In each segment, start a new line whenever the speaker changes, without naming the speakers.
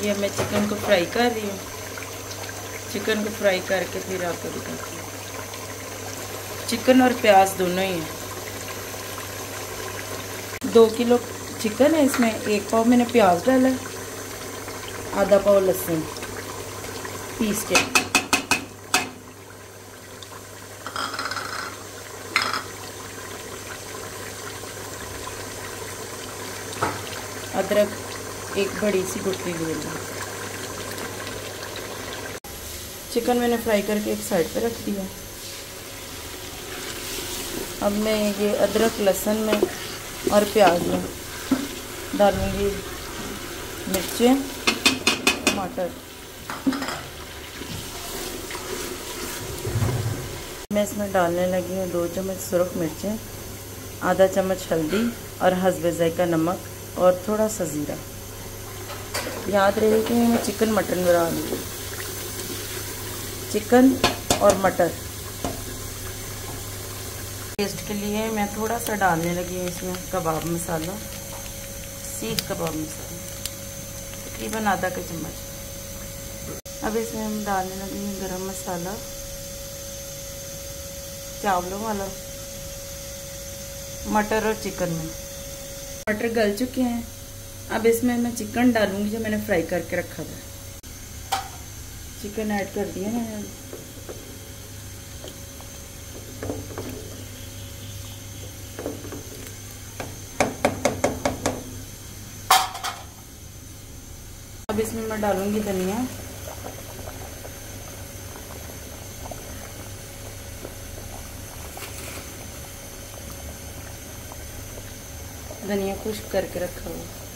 ये मैं चिकन को फ्राई कर रही हूँ चिकन को फ्राई करके फिर आपको दिखाती हूँ चिकन और प्याज दोनों ही हैं दो किलो चिकन है इसमें एक पाव मैंने प्याज डाला आधा पाव लहसुन पीस के अदरक एक बड़ी सी गुटली ले लें चिकन मैंने फ्राई करके एक साइड पे रख दिया अब मैं ये अदरक लहसुन में और प्याज में डालूँगी मिर्चें टमाटर मैं इसमें डालने लगी हूँ दो चम्मच सुरख मिर्चें आधा चम्मच हल्दी और हसबे का नमक और थोड़ा सा ज़ीरा याद रहे कि मैं चिकन मटन बना रही चिकन और मटर टेस्ट के लिए मैं थोड़ा सा डालने लगी हूँ इसमें कबाब मसाला सीख कबाब मसाला तकरीबन आधा का चम्मच अब इसमें हम डालने लगे हैं गरम मसाला चावलों वाला मटर और चिकन में मटर गल चुके हैं अब इसमें मैं चिकन डालूंगी जो मैंने फ्राई करके रखा था चिकन ऐड कर दिया मैंने अब इसमें मैं डालूंगी धनिया धनिया खुश करके रखा हुआ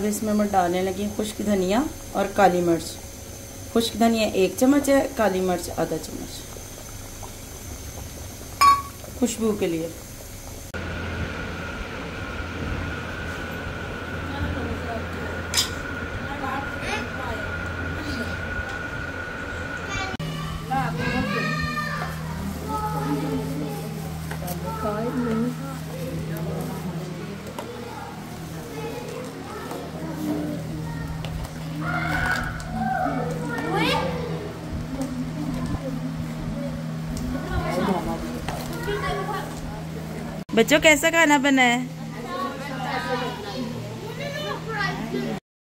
अब इसमें मैं डालने लगी खुश्क धनिया और काली मिर्च खुश्क धनिया एक चम्मच है काली मिर्च आधा चम्मच खुशबू के लिए बच्चों कैसा खाना बना है